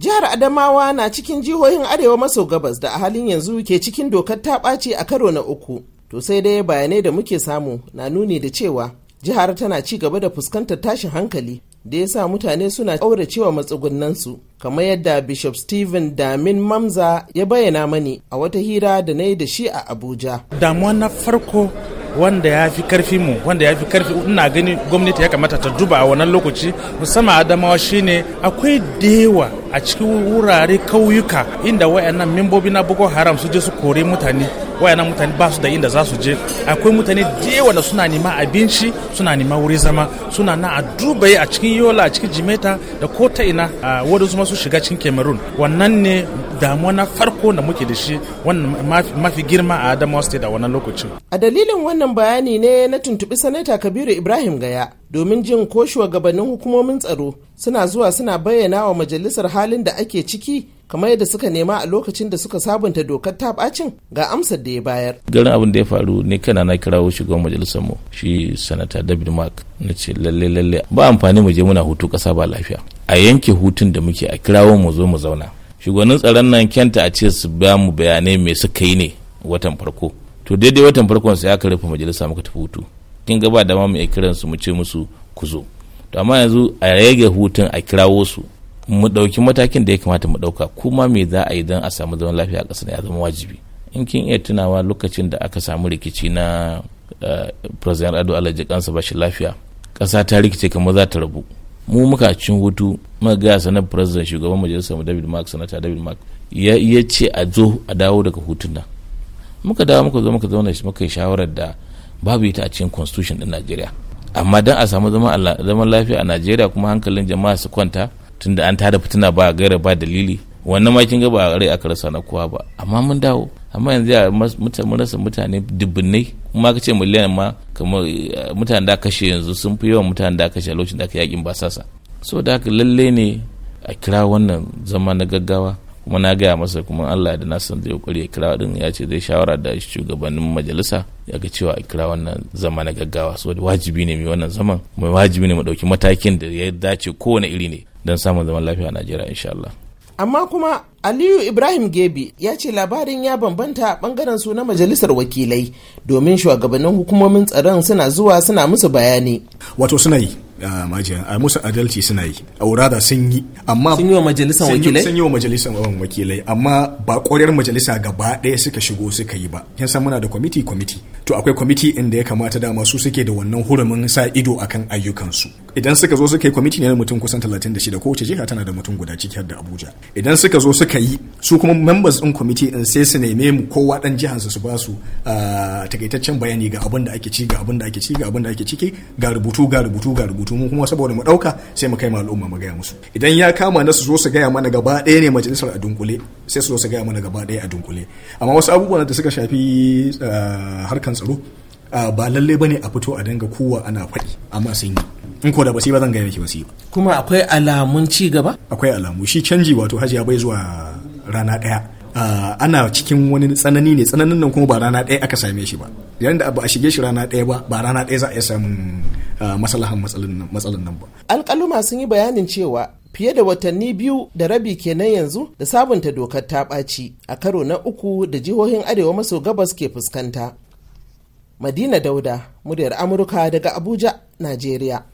Jihar Adamawa na cikin jihohin Arewa maso gabas da a halin yanzu ke cikin dokar ta ɓaci a karo na uku. To sai dai bayanai da muke samu na nuni da cewa jihar tana ci gaba da fuskantar tashin hankali da ya sa mutane suna matsugunan matsugunansu kamar yadda Bishop steven Damin Mamza ya bayyana mani a wata hira da na yi da shi a Abuja. Damuwa na farko wanda ya fi karfi mu wanda ya fi karfi ina gani gwamnati ya kamata ta duba a wannan lokaci musamman adamawa shine akwai dewa. a cikin wurare kauyuka inda wayannan membobi na Boko Haram su je su kore mutane wayanan mutane ba su da inda za su je akwai mutane da yawa da suna nema abinci suna nema wuri zama suna na a dubaye a cikin yola a cikin jimeta da ko ta ina a wadda su su shiga cikin cameroon wannan ne damuwa na farko da muke da shi wannan mafi girma a adamawa state a wannan lokacin a dalilin wannan bayani ne na tuntubi sanata kabiru ibrahim gaya domin jin ko shugabannin hukumomin tsaro suna zuwa suna bayyana wa majalisar halin da ake ciki kamar yadda suka nema a lokacin da suka sabunta dokar ta bacin ga amsar da ya bayar. Garin abin da ya faru ne kana na kirawo shugaban majalisar mu shi sanata David Mark na ce lalle lalle ba amfani mu je muna hutu kasa ba lafiya. A yanke hutun da muke a kirawo mu zo mu zauna. Shugabannin tsaron nan kenta a ce su ba mu bayanai me suka yi ne watan farko. To daidai watan farkon sai aka rufe majalisa muka tafi hutu. Kin ga ba dama mu kiran kiransu mu ce musu ku zo. To amma yanzu a rage hutun a kirawo su mu ɗauki matakin da ya kamata mu ɗauka kuma me za a yi don a samu zaman lafiya a ƙasar ya zama wajibi in kin iya tunawa lokacin da aka samu rikici na eh, president ado alhaji kansa bashi lafiya ƙasa ta rikice kamar za ta rabu mu muka cin hutu muka gaya sanar president shugaban majalisar mu david mark sanata david mark ya ce a zo a dawo daga hutun nan muka dawo muka zo muka zauna muka yi shawarar da babu ita a cikin constitution din najeriya amma don a samu zaman lafiya a najeriya kuma hankalin jama'a su kwanta tunda an tada fitina ba gaira ba dalili wannan ma kin ga ba rai aka rasa na kowa ba amma mun dawo amma yanzu ya mun rasa mutane dubbinai kuma ka ce miliyan ma kamar eh, mutane da kashe yanzu sun fi yawan mutane da kashe lokacin da aka yakin basasa so da haka lalle ne a kira wannan zama na gaggawa kuma na gaya masa kuma Allah da nasan zai kware ya kira din ya ce zai shawara da shugabannin majalisa ya ga cewa a kira wannan zama na gaggawa so wajibi ne mai wannan zaman mai wajibi ne mu dauki matakin da ya dace kowane iri ne don samun zaman lafiya a najeriya insha Allah. amma kuma aliyu ibrahim gebi ya ce labarin ya bambanta bangaren su na majalisar wakilai domin shugabannin hukumomin tsaron suna zuwa suna musu bayani wato suna yi majiya a musu adalci suna yi aura da sun yi amma sun yi wa majalisar wakilai sun yi wa majalisar um, wakilai amma ba ƙwarewar majalisa gaba ɗaya suka shigo suka yi ba kin san muna da kwamiti kwamiti to akwai kwamiti inda ya kamata dama su suke da wannan hurumin sa ido akan su idan suka zo suka yi kwamiti ne na mutum kusan 36 kowace jiha tana da mutum guda ciki har da abuja idan suka zo suka yi su kuma members din kwamiti in sai su neme mu kowa dan jihar su ba su takaitaccen bayani ga abin da ake ci ga abin da ake ci ga abin da ake ciki ga rubutu ga rubutu ga rubutu mu kuma saboda mu dauka sai mu kai ma al'umma mu gaya musu idan ya kama na su zo su gaya mana gaba ɗaya ne majalisar a dunkule sai su zo su gaya mana gaba ɗaya a dunkule amma wasu abubuwan da suka shafi harkan tsaro ba lallai bane a fito a danga kowa ana faɗi amma sun yi in ko da basi ba zan gaya miki basi ba kuma akwai alamun ci gaba akwai alamu shi canji wato hajiya bai zuwa rana daya ah, ana cikin wani tsanani ne tsananin nan kuma ba rana ɗaya aka same shi ba yayin da ba a shige shi rana ɗaya ba ba rana ɗaya za a iya samun ah, masalahan matsalan nan ba alƙaluma sun yi bayanin cewa fiye da watanni biyu da rabi kenan yanzu da sabunta dokar ta ɓaci a karo na uku da jihohin arewa maso gabas ke fuskanta madina dauda muryar amurka daga abuja najeriya